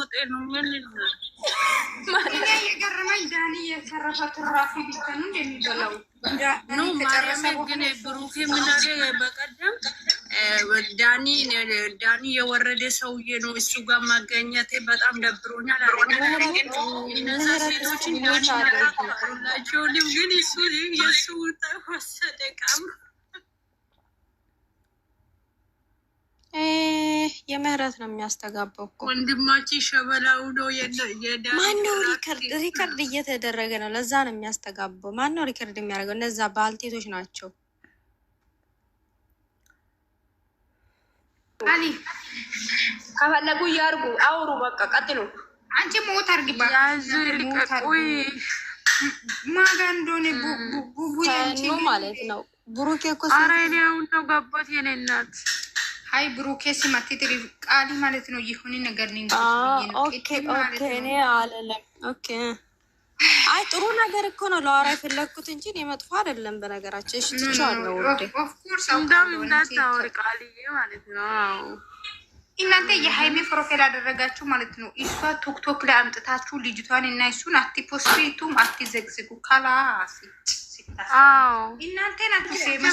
ወጤ ነው ምን የገረመኝ ዳኒ የተረፈት ራሱ ብቻ ነው እንደሚበላው ነው ማረሰ ግን ብሩኬ ምን በቀደም ዳኒ ዳኒ የወረደ ሰውዬ ነው። እሱ ጋር ማገኘት በጣም ደብሮኛል እነዛ ሴቶችን ዳኒ ናቃላቸው ግን እሱ የእሱ ተወሰደ ቀብሩ የምህረት ነው የሚያስተጋባው እኮ ወንድማችን ሸበላው ነው። ማነው ሪከርድ ሪከርድ እየተደረገ ነው። ለዛ ነው የሚያስተጋባው። ማነው ሪከርድ የሚያደርገው? እነዛ ባልቴቶች ናቸው። አሊ ከፈለጉ እያርጉ አውሩ። በቃ ቀጥሉ። አንቺ ሞት አርግባ ማጋ እንደሆነ ቡቡ ማለት ነው። ብሩኬ እኮ አራይኔ አሁን ነው ገባት የኔ እናት ሀይ ብሩኬ ስም ቃሊ ማለት ነው። ይሁን ነገር እኔ አለለም። አይ ጥሩ ነገር እኮ ነው ለዋራ የፈለግኩት እንጂ እኔ መጥፎ አይደለም። በነገራችን እሺ፣ ትቼዋለሁ። እንዳታወሪ እናንተ የሀይሜ ፕሮፋይል አደረጋችሁ ማለት ነው። እሷ ቶክቶክ ላይ አምጥታችሁ ልጅቷን እና እሱን አትፖስቱም፣ አትዘግዝጉ ካላስ እናንተናደደም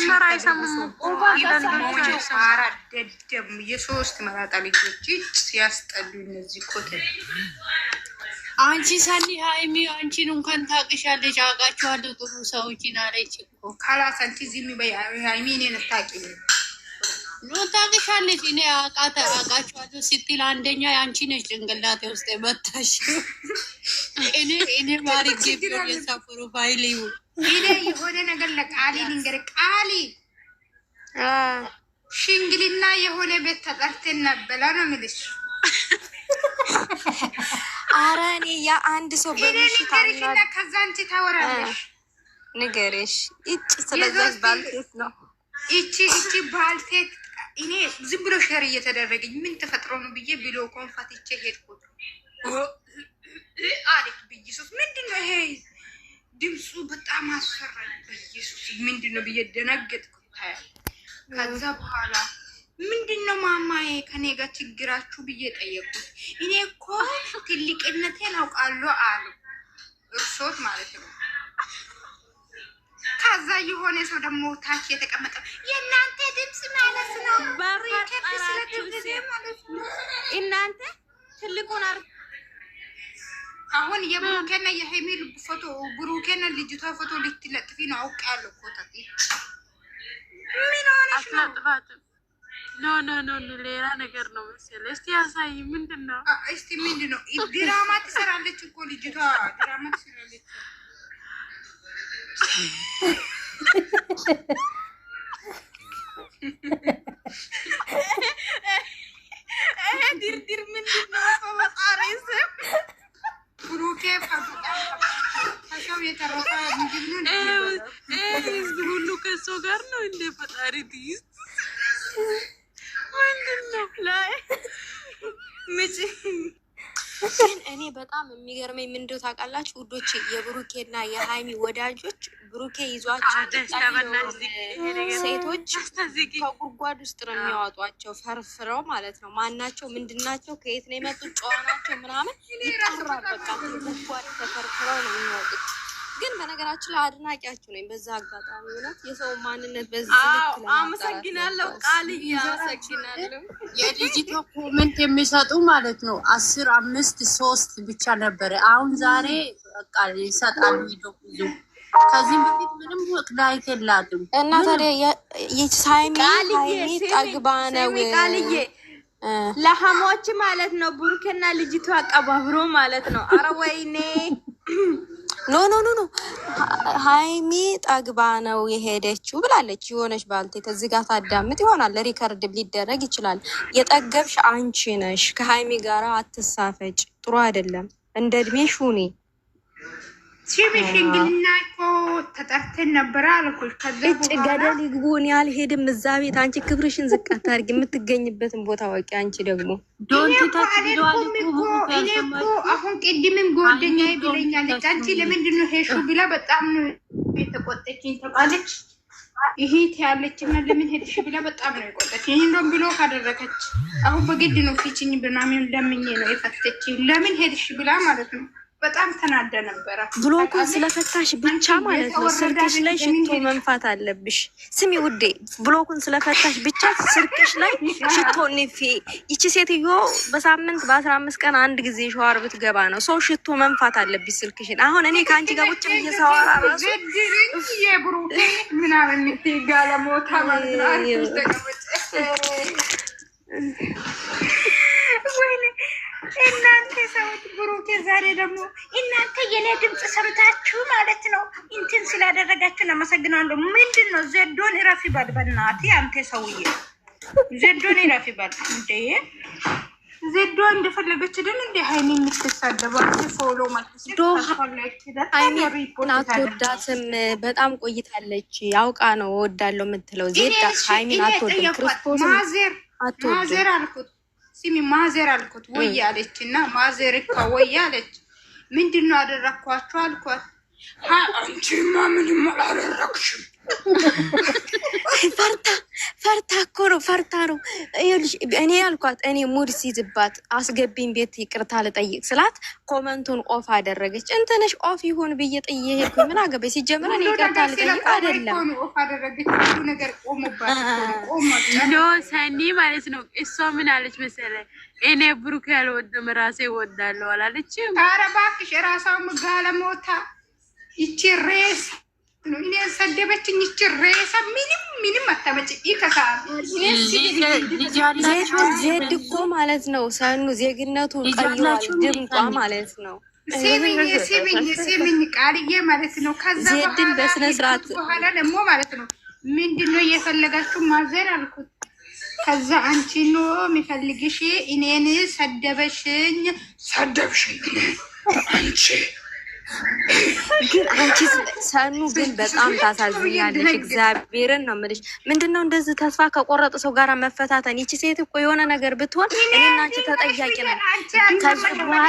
የሶስት መራጣ ልጆች ሲያስጠሉ እነዚህ ኮተት አንቺ ሰኒ ሀይሚ አንቺን እንኳን ታቅሻለች፣ አውቃችኋለሁ ጥሩ ሰዎችን አለች እኮ ካላስ ዚሚ ሀይሚ እኔን ታቂ ታውቅሻለች እኔ አውቃቸዋለሁ ስትል አንደኛ የአንቺ ነች ጭንቅላቴ ውስጥ የመታሽ። እኔ እኔ ማሪጌ የሳፍሩ ፋይል እኔ የሆነ ነገር ለቃሊ ልንገር ቃሊ ሽንግልና የሆነ ቤት ተጠርተን ነበላ ነው የምልሽ። ኧረ እኔ የአንድ ሰው በምሽት ከዛ አንቺ ታወራለሽ። ንገሬሽ እጭ ስለዛች ነው እቺ እቺ ባልቴት እኔ ዝም ብሎ ሸር እየተደረገኝ ምን ተፈጥሮ ነው ብዬ ቢሎ ኮንፋትቼ ሄድኩት። አሪፍ በኢየሱስ ምንድነው ይሄ ድምፁ? በጣም አስፈራኝ። በኢየሱስ ምንድነው ብዬ ደነገጥኩ። ከዛ በኋላ ምንድነው ማማዬ ከኔ ጋር ችግራችሁ ብዬ ጠየቁት። እኔ እኮ ትልቅነቴን አውቃለሁ አሉ እርሶት ማለት ነው ከዛ የሆነ ሰው ደግሞ ታች የተቀመጠ የእናንተ ድምፅ ማለት ነው። እናንተ ትልቁን አር አሁን የብሩኬና የሄሚል ፎቶ ብሩኬና ልጅቷ ፎቶ ልትለጥፊ ነው አውቅ አውቃለሁ። ኮታት ምን ሆነሽ ነው? ኖ ኖ ኖ ሌላ ነገር ነው መሰለኝ። እስቲ ያሳይ። ምንድን ነው? እስቲ ምንድን ነው? ድራማ ትሰራለች እኮ ልጅቷ ድራማ ትሰራለች። ድርድር ምንድን ነው? በፈጣሪ ስም ብሩኬ ህዝብ ሁሉ ከእሱ ጋር ነው። እንደ ፈጣሪ ትይዝ ምንድን ላይ ምጭ ግን እኔ በጣም የሚገርመኝ ምንድን ታውቃላችሁ? ውዶች የብሩኬና የሀይሚ ወዳጆች ብሩኬ ይዟቸው ሴቶች ከጉድጓድ ውስጥ ነው የሚያወጧቸው፣ ፈርፍረው ማለት ነው። ማናቸው ምንድናቸው? ከየት ነው የመጡት? ናቸው ምናምን ይጠራል። በቃ ጉድጓድ ተፈርፍረው ነው የሚወጡት። ግን በነገራችን ላይ አድናቂያችሁ ነኝ። በዛ አጋጣሚ ሆነት የሰው ማንነት በዚህ አመሰግናለሁ። ቃል አመሰግናለሁ። የዲጂቶ ኮመንት የሚሰጡ ማለት ነው አስር አምስት ሶስት ብቻ ነበረ አሁን ዛሬ በቃ ይሰጣሉ። ይዞ ከዚህም በፊት ምንም ዳይት የላትም እና ታዲያ ሳይሚ ጠግባ ነው ለሀሞች ማለት ነው። ቡርኬና ልጅቱ አቀባብሮ ማለት ነው። አረ ወይኔ ኖ ኖ ኖ ኖ ሀይሚ ጠግባ ነው የሄደችው ብላለች። የሆነች ባልቴ እዚህ ጋር ታዳምጥ ይሆናል። ሪከርድ ሊደረግ ይችላል። የጠገብሽ አንቺ ነሽ። ከሀይሚ ጋራ አትሳፈጭ፣ ጥሩ አይደለም። እንደ እድሜሽ ሁኔ ሽብሽ እንግልና እኮ ተጠርተን ነበረ አልኩሽ። እጭ ገደል ይግቡን ያልሄድም እዛ ቤት አንቺ ክብርሽን ዝቅ አታድርጊ። የምትገኝበትን ቦታ ወቂ። አንቺ ደግሞ አሁን ቅድምም ጓደኛ ብለኛለች። አንቺ ለምንድን ነው ሄድሽው ብላ በጣም ነው የተቆጠችኝ ተባለች። ይሄት ያለች እና ለምን ሄድሽ ብላ በጣም ነው የቆጠችኝ። ይህን እንደውም ብሎ ካደረገች አሁን በግድ ነው ፊችኝ ብናምን ለምኜ ነው የፈተችኝ። ለምን ሄድሽ ብላ ማለት ነው በጣም ተናደ ነበረ። ብሎኩ ስለፈታሽ ብቻ ማለት ነው ስልክሽ ላይ ሽቶ መንፋት አለብሽ። ስሚ ውዴ፣ ብሎኩን ስለፈታሽ ብቻ ስልክሽ ላይ ሽቶ ንፊ። ይቺ ሴትዮ በሳምንት በአስራ አምስት ቀን አንድ ጊዜ ሸዋር ብትገባ ነው ሰው ሽቶ መንፋት አለብሽ ስልክሽን። አሁን እኔ ከአንቺ ጋር ቁጭ ብዬ ሳወራ ራሱ ምናምን ጋለሞታ ማለት ነው እናንተ ሰዎች ብሩኬ ዛሬ ደግሞ እናንተ የኔ ድምፅ ሰምታችሁ ማለት ነው እንትን ስላደረጋችሁን አመሰግናለሁ። ምንድን ነው ዘዶን እረፍ ይበል በእናትህ አንተ ሰውዬ፣ ዘዶን እረፍ ይበል እንዴ! ዘዶ እንደፈለገች ደን እንደ ሀይኒ የምትሳደባ ፎሎ አትወዳትም። በጣም ቆይታለች። ያውቃ ነው ወዳለው የምትለው ዜዳ ሀይኒን አትወድም። ክርስቶስ ማዘር አልኩት ሲሚ ማዘር አልኩት ወይ አለች እና ማዘር እኮ ወይ አለች። ምንድን ነው አደረግኳቸው አልኳት። አንቺማ ምንም አላደረግሽም ፈርታ ፈርታ እኮ ነው ፈርታ ነው። እኔ ያልኳት እኔ ሙድ ሲዝባት አስገቢኝ ቤት ይቅርታ ልጠይቅ ስላት ኮመንቱን ኦፍ አደረገች። እንትንሽ ኦፍ ይሁን ብዬ ጥዬ ሄድኩ። ምን አገባኝ ሲጀመር እኔ ይቅርታ ልጠይቅ አይደለም ሰኒ ማለት ነው። እሷ ምን አለች መሰለ እኔ ብሩክ ያልወደም ራሴ እወዳለሁ አላለችም። ኧረ እባክሽ ራሷ ጋለሞታ ይቺ ሬስ ሰደበችኝ። ይች ሬሳ ምንም ምንም አታመጭ። ዜድ እኮ ማለት ነው ሰኑ ዜግነቱ ቀይሯል። ድምጧ ማለት ነው ሴሚኝ ቃልዬ ማለት ነው። ከዛ በኋላ ደግሞ ማለት ነው ምንድን ነው እየፈለጋችሁ ማዘር አልኩት። ከዛ አንቺ ኖ የሚፈልግሽ እኔን ሰደበሽኝ፣ ሰደብሽኝ አንቺ ግን አንቺ ሰኑ ግን በጣም ታሳዝኛለሽ። እግዚአብሔርን ነው የምልሽ። ምንድን ነው እንደዚህ ተስፋ ከቆረጠ ሰው ጋር መፈታተን? ይቺ ሴት እኮ የሆነ ነገር ብትሆን እኔና አንቺ ተጠያቂ ነን። ከዚህ በኋላ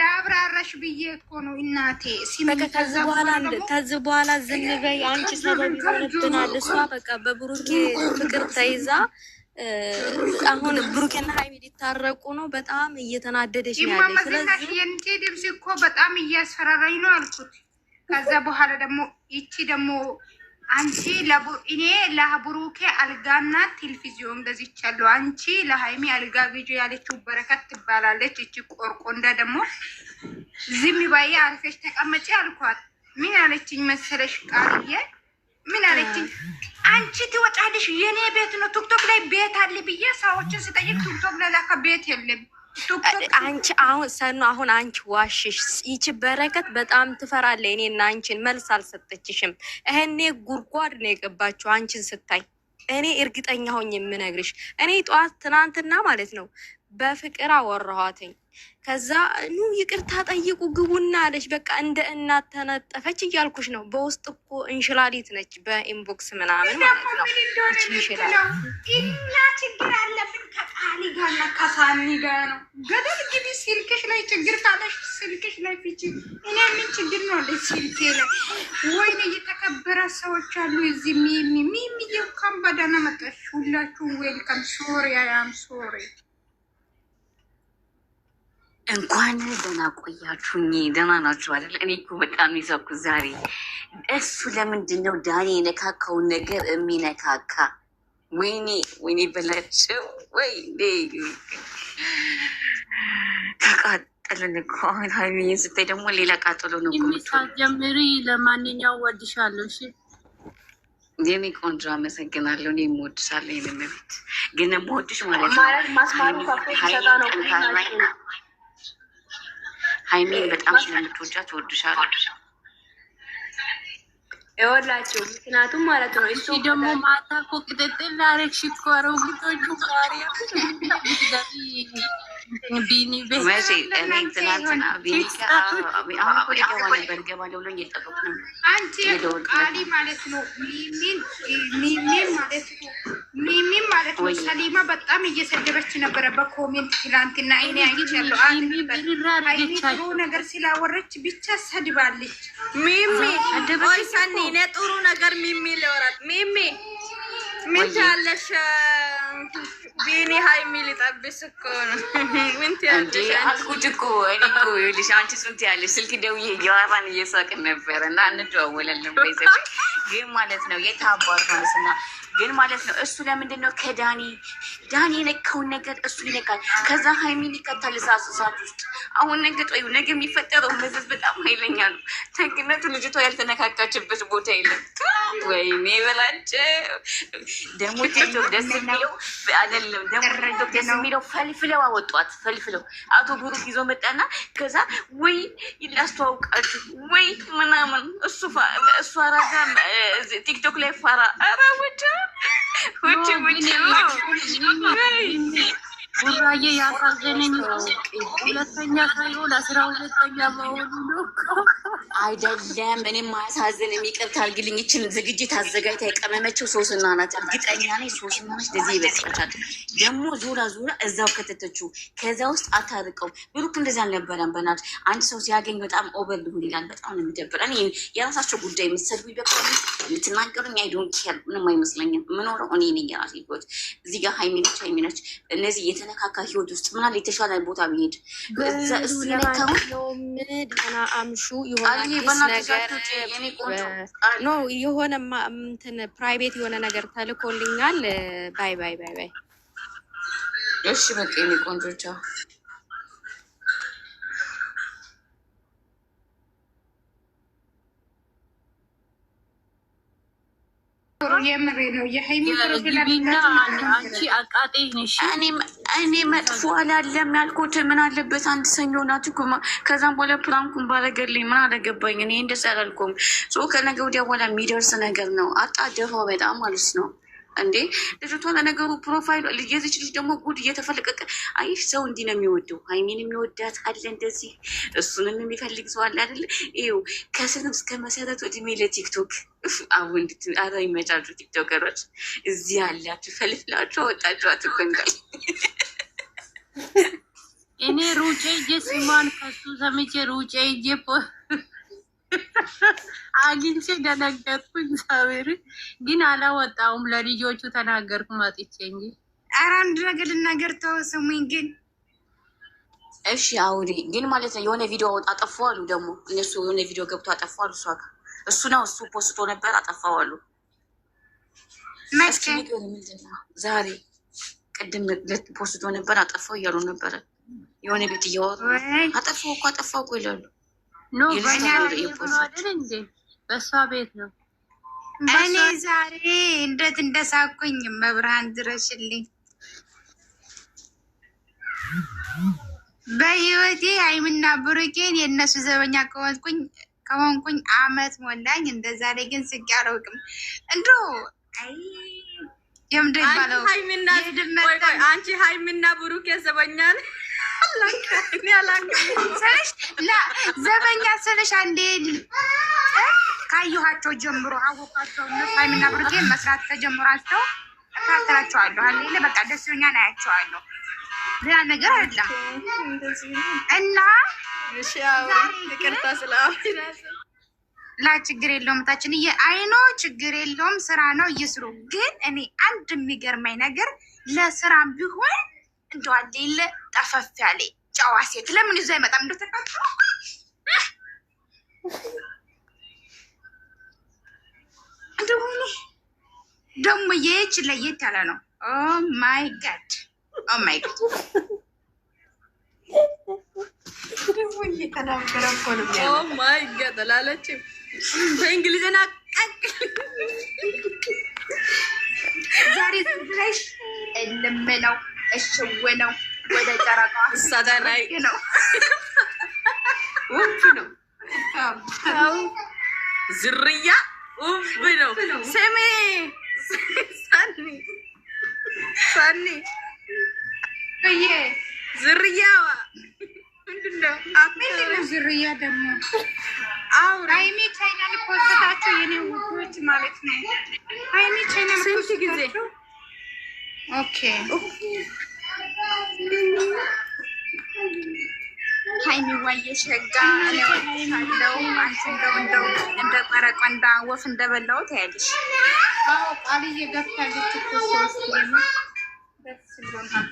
ላብራራሽ ብዬ እኮ ነው እናቴ። ከዚህ በኋላ ዝም በይ አንቺ ሰበብ ትናል እሷ በቃ በብሩኬ ፍቅር ተይዛ አሁን ብሩኬና ሀይሚ ሊታረቁ ነው። በጣም እየተናደደች ነው ያለ። ስለዚህ የእንቴ ድምፅ እኮ በጣም እያስፈራራኝ ነው አልኩት። ከዛ በኋላ ደግሞ ይቺ ደግሞ አንቺ እኔ ለብሩኬ አልጋና ቴሌቪዥን ገዝቻለሁ፣ አንቺ ለሀይሚ አልጋ ግዢ ያለችው በረከት ትባላለች። እቺ ቆርቆንዳ ደግሞ ዝም ባዬ አርፈሽ ተቀመጪ አልኳት። ምን አለችኝ መሰለሽ ቃልዬ ምን አለችኝ? አንቺ ትወጫለሽ፣ የኔ ቤት ነው። ቲክቶክ ላይ ቤት አለ ብዬ ሰዎችን ስጠይቅ ቲክቶክ ላይ ላካ ቤት የለም። አንቺ አሁን ሰኑ አሁን አንቺ ዋሽሽ። ይቺ በረከት በጣም ትፈራለ። እኔና አንቺን መልስ አልሰጠችሽም። እህኔ ጉድጓድ ነው የገባችው አንቺን ስታይ። እኔ እርግጠኛ ሆኝ የምነግርሽ እኔ ጠዋት ትናንትና ማለት ነው በፍቅር አወራኋትኝ። ከዛ ኑ ይቅርታ ጠይቁ ግቡና አለች። በቃ እንደ እናት ተነጠፈች እያልኩሽ ነው። በውስጥ እኮ እንሽላሊት ነች፣ በኢንቦክስ ምናምን ማለት ነው። እኛ ችግር አለብን ከቃሊ ጋር ነው። ገደል ግቢ። ስልክሽ ላይ ችግር ካለሽ ስልክሽ ላይ እኔ ምን ችግር ነው ስልኬ ላይ። ወይኔ ሰዎች አሉ እዚህ። ሚሚ ሚሚ መጣሽ። ሁላችሁም ዌልካም። ሶሪ ሶሪ እንኳን ደህና ቆያችሁኝ። ደህና ናችሁ አይደል? እኔ እኮ በጣም ይሳኩ ዛሬ። እሱ ለምንድን ነው ዳኒ የነካካውን ነገር የሚነካካ? ወይኔ ወይኔ በላቸው። ወይ ተቃጠልን እኮ አሁን። ስታይ ደግሞ ሌላ ቃጠሎ ነው። ጀምሪ። ለማንኛውም ወድሻለሁ። እሺ የኔ ቆንጆ አመሰግናለሁ። እኔ የምወድሻለሁ። ይህን ግን የምወድሽ ማለት ማለት ማስማሩ ነው ነው ሀይሚን በጣም ስለምትወዳት ትወድሻል። ይወላችሁ ምክንያቱም ማለት ነው። እሱ ደግሞ ማታ እኮ ቅጥጥል አረግሽ እኮ አሮጊቶቹ ቢኒ ቃሊ ማለት ነው ሚሚን ማለት ነው ሚሚ ማለት ነው። ሰሊማ በጣም እየሰደበች ነበረ በኮሜንት ትላንትና። እኔ አይቻለሁ ነገር ስላወረች ብቻ ሰድባለች። ሚሚ ወይ ሰኒ፣ እኔ ጥሩ ነገር ሚሚ ሊወራት ሚሚ ምን ትያለሽ? ቢኒ ሀይሚ ሊጠብስ እኮ ነው። ምን ትያለሽ? አልኩት እኮ እኔ እኮ ይኸውልሽ፣ አንቺ እሱን ትያለሽ። ስልክ ደውዬ እያወራን እየሳቅን ነበረ እና እንደዋወላለን። በይዘ ግን ማለት ነው የታባር ማለት ነው ግን ማለት ነው እሱ ለምንድን ነው ከዳኒ ያን የነካውን ነገር እሱ ይነካል። ከዛ ሀይሚን ይከታል እዛ እሳት ውስጥ። አሁን ነገ ጠዩ ነገ የሚፈጠረው መዘዝ በጣም ኃይለኛ ነው። ተግነቱ ልጅቷ ያልተነካካችበት ቦታ የለም። ወይኔ በላጭ ደግሞ ቲክቶክ ደስ የሚለው አይደለም። ደግሞ ደስ የሚለው ፈልፍለው አወጧት። ፈልፍለው አቶ ብሩክ ይዞ መጣና ከዛ ወይ ላስተዋውቃችሁ ወይ ምናምን እሱ እሱ አራዳ ቲክቶክ ላይ ፋራ አራ ወጃ ወጅ ወጅ 哎。ጉራዬ ያሳዘነኝ ሁለተኛ ሳይሆን አስራ ሁለተኛ መሆኑ ነው። አይደለም እኔም ማያሳዝን የሚቀብት አድርጊልኝ። ይችን ዝግጅት አዘጋጅታ የቀመመችው ሶስና ናት። እርግጠኛ ነኝ ሶስና ነች። ለዚህ ይበቃታል። ደግሞ ዙራ ዙራ እዛው ከተተችው ከዛ ውስጥ አታርቀው። ብሩክ እንደዛ አልነበረም። በናት አንድ ሰው ሲያገኝ በጣም ኦቨር ልሁን ይላል። በጣም ነው የሚደብር። እኔ የራሳቸው ጉዳይ የምትሰዱ ይበቃ የምትናገሩኝ አይዶን ምንም አይመስለኝም። ምኖረው እኔ ነኝ የራሴ ህይወት። እዚህ ጋር ሀይሚነች ሀይሚነች እነዚህ የተነካካ ህይወት ውስጥ ምናል የተሻለ ቦታ ሄድ ደህና አምሹ የሆነ እንትን ፕራይቬት የሆነ ነገር ተልኮልኛል። ባይ ባይ ባይ ባይ። እሺ በቃ የኔ ቆንጆቻ የምሬ ነው። እኔ መጥፎ አላለም ያልኩት ምን አለበት አንድ ሰኞ ናት እኮ ከዛም በኋላ ፕራንኩን ባረገልኝ ምን አደገባኝ? እኔ እንደዚህ አላልኩም። ከነገ ወዲያ በኋላ የሚደርስ ነገር ነው። አጣደፈው በጣም ማለት ነው። እንዴ ልጅቷ ለነገሩ ፕሮፋይል የዚች ልጅ ደግሞ ጉድ እየተፈለቀቀ አይ ሰው እንዲህ ነው የሚወደው። ሀይሚን የሚወዳት አለ እንደዚህ እሱንም የሚፈልግ ሰው አለ አይደለ? ይኸው ከስንም እስከ መሰረቱ እድሜ ለቲክቶክ አሁን አረ ይመጫሉ ቲክቶከሮች እዚህ ያላችሁ ፈልፍላችሁ አወጣችሁ አትኮንጋል። እኔ ሩጬ እየስማን ከሱ ሰምቼ ሩጬ እየ አግኝቼ ደነገጥኩኝ። እግዚአብሔር ግን አላወጣውም። ለልጆቹ ተናገርኩ መጥቼ እንጂ። ኧረ አንድ ነገር ልናገር፣ ተው ስሙኝ። ግን እሺ አውሪ ግን ማለት ነው። የሆነ ቪዲዮ አጠፋ አሉ ደግሞ እነሱ የሆነ ቪዲዮ ገብቶ አጠፋ አሉ። እሷ ጋር እሱ ነው እሱ ፖስቶ ነበር አጠፋ አሉ። ዛሬ ቅድም ፖስቶ ነበር አጠፋው እያሉ ነበረ። የሆነ ቤት እያወሩ አጠፋው እኮ አጠፋው እኮ ይላሉ ኖ በእሷ ቤት ነው። እኔ ዛሬ እንዴት እንደሳኩኝ መብርሃን ድረሽልኝ። በህይወቴ አይምና ብሩኬን የእነሱ ዘበኛ ከሆንኩኝ ከሆንኩኝ አመት ሞላኝ። እንደዛ ላይ ግን ስቄ አላውቅም። እንዶ የምደ አንቺ ሀይምና ብሩኬ ዘበኛ ነህ ዘበኛ ስለሽ አንዴ ካየኋቸው ጀምሮ አወቃቸው። ሃይሚና ብሩኬን መስራት ተጀምሯቸው እካተላቸዋለሁ አለ በቃ ደስ አያቸዋለሁ። ሌላ ነገር አይደለም እና ላ ችግር የለውም ታችን አይኖ ችግር የለውም ስራ ነው እየስሩ ግን እኔ አንድ የሚገርመኝ ነገር ለስራ ቢሆን እንደው አሌለ ጠፈፍ ያለ ጨዋ ሴት ለምን ይዞ አይመጣም? እንደው ተቃጥሎ እንደው ደግሞ የች ለየት ያለ ነው። ኦ ማይ ጋድ ኦ ማይ ጋድ ዛሬ ነው እሽው ነው። ወደ ጨረቃ ሰገናይ ነው ውብ ነው። ዝርያ ውብ ነው። ስሜ ሳኒ ሳኒ እዬ ዝርያዋ ዝርያ ደግሞ? አዎ ሀይሚ ቻይናን ፖስታችሁ የኔ ውቦች ማለት ነው። ሀይሚ ቻይናን ስንት ጊዜ ኦኬ ሀይሚዋዬ ሸጋ ያለው አንቺ እንደው እንደ ቀረቀ እንደ ወፍ እንደበላው ታያለሽ። ቃልዬ ገብታለች እኮ ሶስት ደስ ብሎናል።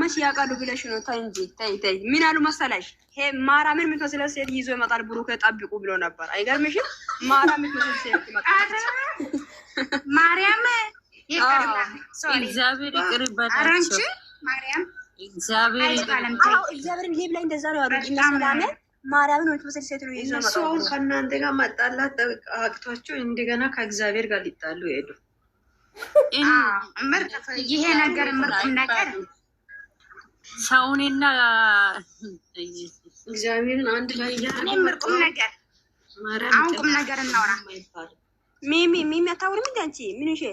መች ያውቃሉ ብለሽ ነው። ተይ እንጂ ተይ ተይ። ምን አሉ መሰለሽ? ይሄ ማራ ምን የምትመስለው ሴት ይዞ ይመጣል ብሩክ ጠብቁ ብሎ ነበር። አይገርምሽም? ማራ የምትመስል ሴት ይመጣል። ማርያም እግዚአብሔር ማርያም እግዚአብሔር ላይ እንደዛ ነው ያሉት ሰላሜ ማርያምን ሴት ነው ይዞ ከእናንተ ጋር መጣላት አቅቷቸው እንደገና ከእግዚአብሔር ጋር ሊጣሉ ሄዱ። ይሄ ነገር ምርጥ ነገር ሰውኔና እግዚአብሔርን አንድ ላይ ቁም ነገር አሁን ቁም ነገር እናውራ። ሚሚ ሚሚ አታውሪም እንደ አንቺ ምን ሽ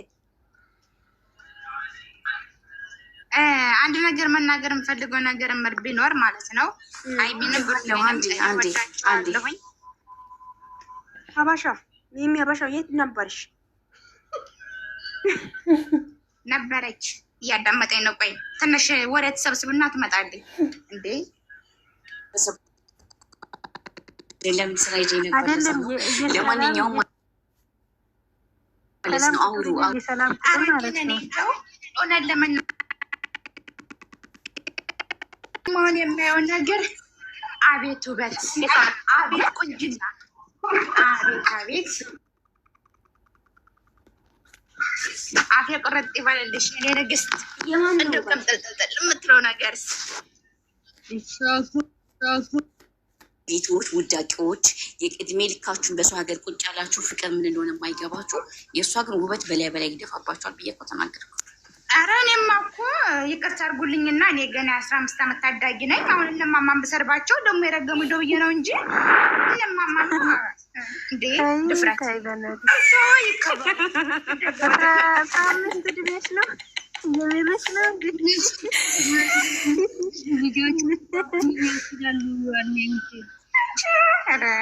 አንድ ነገር መናገር የምፈልገው ነገር ምር ቢኖር ማለት ነው። አይ ቢነብር ለሆንለሆኝ አባሻ ሚሚ አባሻ የት ነበርሽ? ነበረች እያዳመጠኝ ነው። ቆይ ትንሽ ወሬ ተሰብስብና ትመጣልኝ እንዴ? ለማንኛውም የማየው ነገር አቤት ውበት፣ አቤት ቁንጅና፣ አቤት አቤት አፍ የቆረጥ ይበልልሽ። እኔ ንግስት እንደው ከምጥልጥልጥል የምትለው ነገርስ ቤቶች ውዳቂዎች፣ የቅድሜ ልካችሁን በሰው ሀገር ቁጭ ያላችሁ ፍቅር ምን እንደሆነ የማይገባችሁ የእሷ ግን ውበት በላይ በላይ ይደፋባችኋል ብዬ እኮ ተናገርኩ። አረ እኔማ እኮ ይቅርታ አድርጉልኝና እኔ ገና የአስራ አምስት ታዳጊ ነኝ። አሁን እነማማን ብሰርባቸው ደግሞ የረገሙ ዶ ነው እንጂ እነማማን እንዴ ድፍረት ነው ነው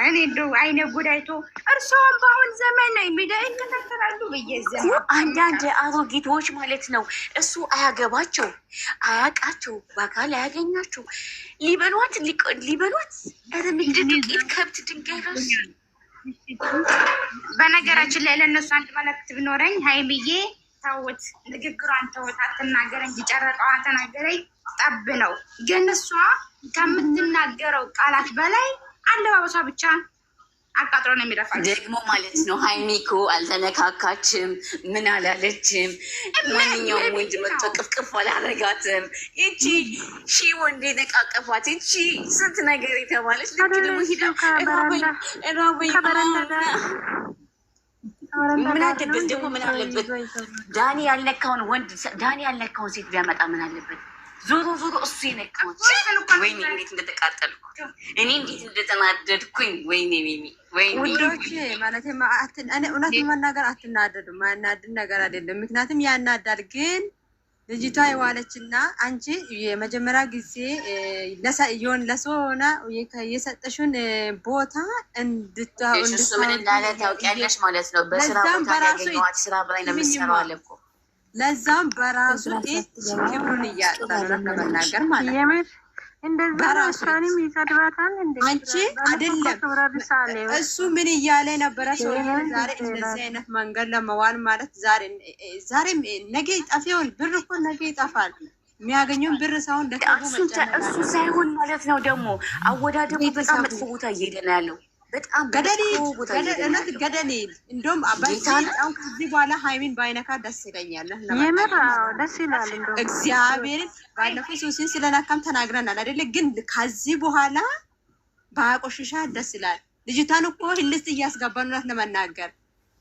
እኔ እንደው አይነ ጉዳይቶ እርስዎም በአሁን ዘመን ነው ሚዲያ ይከታተላሉ ብዬ አንዳንድ አሮጊቶች ማለት ነው። እሱ አያገባቸው፣ አያቃቸው በአካል አያገኛቸው። ሊበሏት ሊበሏት ጥቂት ከብት ድንጋይ ራሱ። በነገራችን ላይ ለእነሱ አንድ መልእክት ብኖረኝ ሀይምዬ ተውት፣ ንግግሯን ተውት፣ አትናገረኝ። እንጂ ጨረቃዋን ተናገረኝ ጠብ ነው። ግን እሷ ከምትናገረው ቃላት በላይ አለባበሷ ብቻ አቃጥሮ ነው የሚረፋት። ደግሞ ማለት ነው ሀይሚኮ አልተነካካችም፣ ምን አላለችም። ማንኛውም ወንድ መጥቶ ቅፍቅፍ አላረጋትም። ይቺ ሺ ወንድ የነቃቀፏት ይቺ ስንት ነገር የተባለች ልክ ደግሞ ሂደው ራበኝ ምን አለበት ደግሞ ምን አለበት ዳኒ ያልነካውን ወንድ ዳኒ ያልነካውን ሴት ቢያመጣ ምን አለበት? ዞሮ ዞሮ እሱ የነካሁት ወይኔ እንዴት እንደተቃጠልኩ እኔ እንዴት እንደተናደድኩኝ። ወይኔ ሚሚ ወይኔዎች ማለት እውነት መናገር አትናደዱ፣ ማናድን ነገር አይደለም። ምክንያቱም ያናዳል። ግን ልጅቷ የዋለችና አንቺ የመጀመሪያ ጊዜ ሆን ለሰሆነ የሰጠሽን ቦታ እንድታሱ ምን እንዳለ ታውቂያለሽ ማለት ነው። በስራ ቦታ ያገኘዋት ስራ ላይ ነው የምትሰራው አለ እኮ ለዛም በራሱ ቤት ክብሩን አንቺ አይደለም እሱ ምን እያለ ነበረ? ዛሬ እንደዚህ አይነት መንገድ ለመዋል ማለት ዛሬም ነገ ብር እኮ ነገ ይጠፋል። የሚያገኘውን ብር ሳይሆን እሱ ሳይሆን ማለት ነው ደግሞ በጣም መጥፎ ቦታ እየሄደ ነው ያለው በጣም ገደኔ እንደውም አሁን ከዚህ በኋላ ሀይሚን ባይነካ ደስ ይለኛል። ደስ ይላል። እግዚአብሔርን ባለፈው ሶሲን ስለነካም ተናግረናል አይደለ? ግን ከዚህ በኋላ ደስ ይላል። ልጅቷን እኮ ህልስት ለመናገር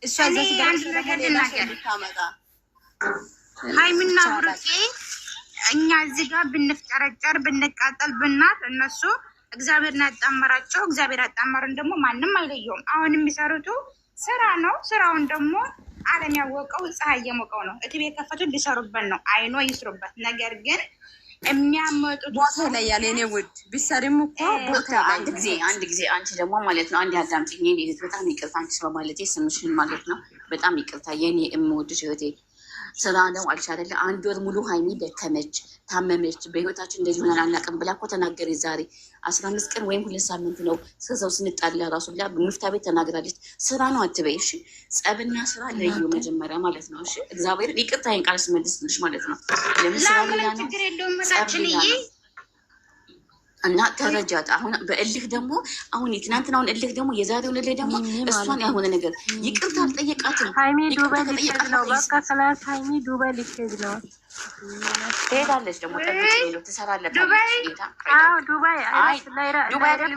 እሷ ሀይሚና ብሩኬ እኛ እዚህ ጋር ብንፍጨረጨር ብንቃጠል ብናት እነሱ እግዚአብሔርን ያጣመራቸው እግዚአብሔር ያጣመርን ደግሞ ማንም አይለየውም። አሁን የሚሰሩቱ ስራ ነው። ስራውን ደግሞ ዓለም ያወቀው ፀሐይ የሞቀው ነው። እትቤ የከፈቱት ሊሰሩበት ነው። አይኖ ይስሩበት። ነገር ግን የሚያመጡት ቦታ ላይ ያለ የእኔ ውድ ቢሰሪም እኮ ቦታ አንድ ጊዜ አንድ ጊዜ አንቺ ደግሞ ማለት ነው አንድ አዳምጪኝ። በጣም ይቅርታ አንቺ ሰው ስምሽን ማለት ነው። በጣም ይቅርታ የኔ የምወድሽ እህቴ ስራ ነው አልሽ አይደለ? አንድ ወር ሙሉ ሀይሚ ደከመች፣ ታመመች፣ በህይወታችን እንደዚህ ሆነን አናውቅም ብላ እኮ ተናገረች። ዛሬ አስራ አምስት ቀን ወይም ሁለት ሳምንት ነው ስሰው ስንጣላ ራሱ ብላ ምፍታ ቤት ተናግራለች። ስራ ነው አትበይ እሺ። ጸብና ስራ ለዩ መጀመሪያ ማለት ነው እሺ። እግዚአብሔር ይቅርታ ይህን ቃል ስመልስልሽ ማለት ነው ለምሳሌ ችግር ሌላ ነው እና ተረጃት አሁን በእልህ ደግሞ አሁን የትናንትናውን እልህ ደግሞ የዛሬውን እልህ ደግሞ እሷን ያልሆነ ነገር ይቅርታ አልጠየቃትም። ሀይሚ ዱባይ ልትሄድ ነው። በቃ ሀይሚ ነው። ትሄዳለች ደግሞ ትሰራለች። ዱባይ አይደለም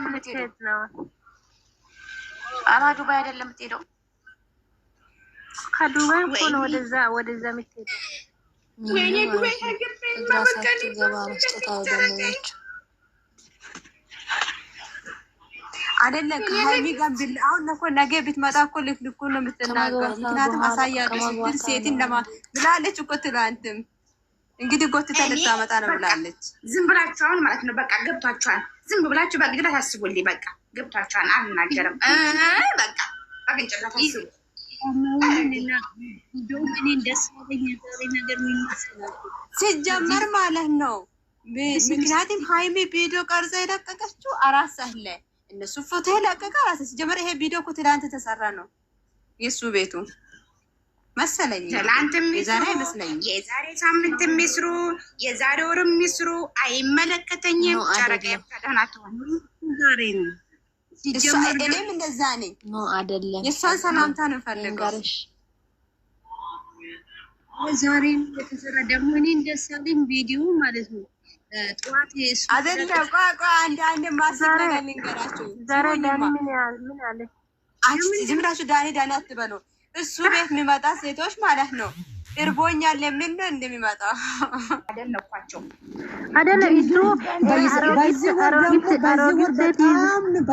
የምትሄድ ነው። ዱባይ አይደለም የምትሄደው። ከዱባይ እኮ ነው ወደዛ ወደዛ የምትሄደው። ገባ መስጠት ደሞች አደለ ከሀይሚ ጋር ብል አሁን እኮ ነገ ብትመጣ እኮ ልክ ነው የምትናገር። ምክንያቱም አሳያለሁ ስትል ሴትን ለማ ብላለች እኮ ትላንትም እንግዲህ ጎትተ ልታመጣ ነው ብላለች። ዝም ብላችሁ አሁን ማለት ነው በቃ ገብቷችኋል። ዝም ብላችሁ በግድ ታስቡልኝ በቃ ገብቷችኋል። አልናገርም በቃ ሲጀመር ማለት ነው ምክንያቱም ሀይሚ ቪዲዮ ቀርጾ የለቀቀችው አራት ሰዓት ላይ እነሱ ፎቶ የለቀቀ ራሴ ሲጀመር ይሄ ቪዲዮ እኮ ትላንት ተሰራ ነው። የእሱ ቤቱ መሰለኝ ትላንት የዛሬ የዛሬ ሳምንት የሚስሩ የዛሬ ወር የሚስሩ አይመለከተኝም። ጨረቃ እንደዛ ነኝ። አይደለም የእሷን ሰላምታ ነው ፈልገው ዛሬ የተሰራ ደግሞ እኔ እንደሳለኝ ቪዲዮ ማለት ነው ጠዋት አይደለም። ምን ዳኔ አትበሉ። እሱ ቤት የሚመጣ ሴቶች ማለት ነው እርቦኛል የሚል ነው እንደሚመጣ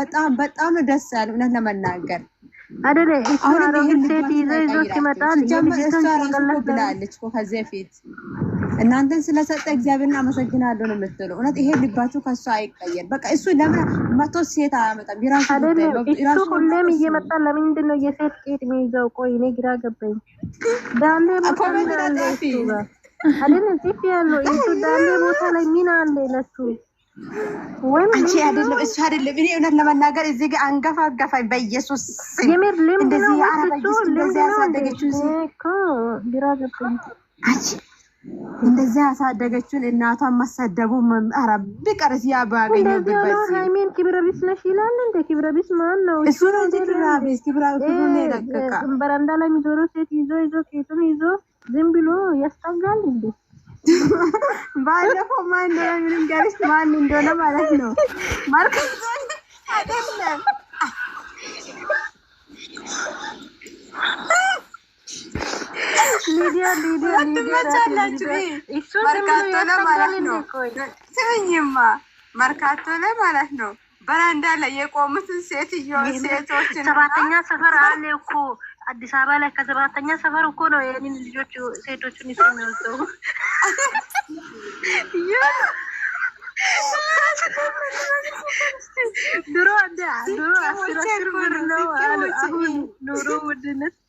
በጣም በጣም ደስ ያለ እውነት ለመናገር አደለ አሁን ይሄ ሴት ይዞ ይዞት ይመጣል። ብላለች ከዚህ በፊት እናንተን ስለሰጠ እግዚአብሔርን አመሰግናለሁ ነው የምትለው። እውነት ይሄ ልባችሁ ከሱ አይቀየር። በቃ እሱ ለምን መቶ ሴት አያመጣም? ራሱ ሁሌም እየመጣ ለምንድን ነው የሴት ቄጥ የሚይዘው? ቆይ እኔ ግራ ገባኝ። ዳሌ ቦታ አይደለም ያለው እሱ ዳሌ ቦታ ላይ ምን አለ ለሱ አንቺ አይደለም እሱ አይደለም። እኔ እውነት ለመናገር እዚህ ጋር አንገፋ ገፋ በኢየሱስ የምር ልምድ ነው። እንደዚህ ያሳደገችው ግራ ገባኝ። እንደዚህ ያሳደገችውን እናቷን ማሳደቡ መምጣራብ ቢቀርስ ያ ባገኘበት ሃይሜን ክብረቢስ ነሽ ይላል። እንደ ክብረቢስ ማን ነው እሱ? ነው እንጂ ክብረቢስ ክብረቢስ ሁሉ ለቀቃ በረንዳ ላይ የሚዞሩ ሴት ይዞ ይዞ ሴቱን ይዞ ዝም ብሎ ያስጠጋል እንዴ! ባለፈው ማን እንደሆነ ምንም ገርስ ማን እንደሆነ ማለት ነው ማርከስ አይደለም ትመቻላችሁ። መርካቶ ስምኝማ መርካቶ ላይ ማለት ነው። በረንዳ ላይ የቆሙትን ሴትዮን ሴቶችን ሰባተኛ ሰፈር አለ እኮ አዲስ አበባ ላይ ከሰባተኛ ሰፈር እኮ ነው ይህንን ልጆች ሴቶችን ይዞ የሚወስደው። ድሮ ድሮ አስር ብር ነው አሁን ኑሮ ውድነት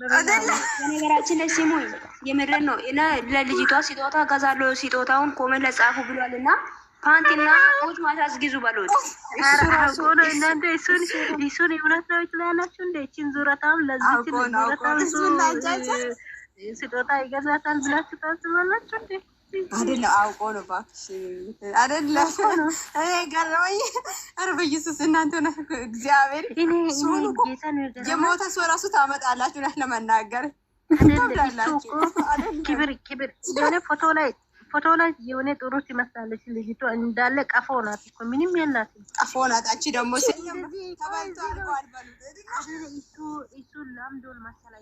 በነገራችን ላይ ሲሞኝ የምድርን ነው ለልጅቷ ስጦታ ገዛለሁ ስጦታውን ኮመን ለጻፉ ብሏል እና ፓንቲና ቁጭ ማታስጊዙ ግዙ እናንተ እሱን የእውነት ነው ትላላችሁ። እንደ ችን ዙረታም ለዚችን ዙረታም ስጦታ ይገዛታል ብላችሁ ታስባላችሁ እንዴ? አይደለም አውቆ ነው እባክሽ፣ አይደለም እኔ ገረመኝ። ኧረ በኢየሱስ እናንተ ሆነህ እግዚአብሔር የሞተ ሰው ራሱ ታመጣላችሁ ነህ ለመናገር ክብር ክብር የሆነ ፎቶ ላይ ፎቶ ላይ የሆነ ጥሩ ትመስላለች ልጅቷ፣ እንዳለ ቀፎ ናት እኮ ምንም የላትም። ቀፎ ናት። አንቺ ደግሞ እሱ እሱ መሰለኝ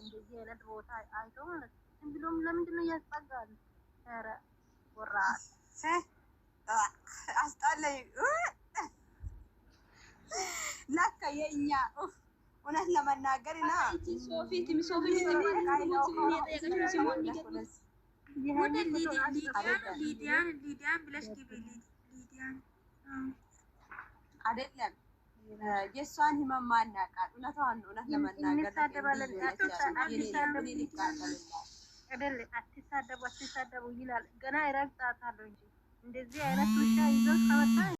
እንደዚህ አይነት ቦታ አይቶ ማለት ነው። ለምንድነው እያስጠጋሉ? ጉራ አስጣለኝ። ለካ የእኛ እውነት ለመናገር ና አይደለም የእሷን ህመም ማናቃል እውነቷን እውነት ለመናገር አይደለ? አትሳደቡ አትሳደቡ ይላል። ገና ይረግጣታል እንጂ እንደዚህ አይነት ውሻ ይዞ ከመጣ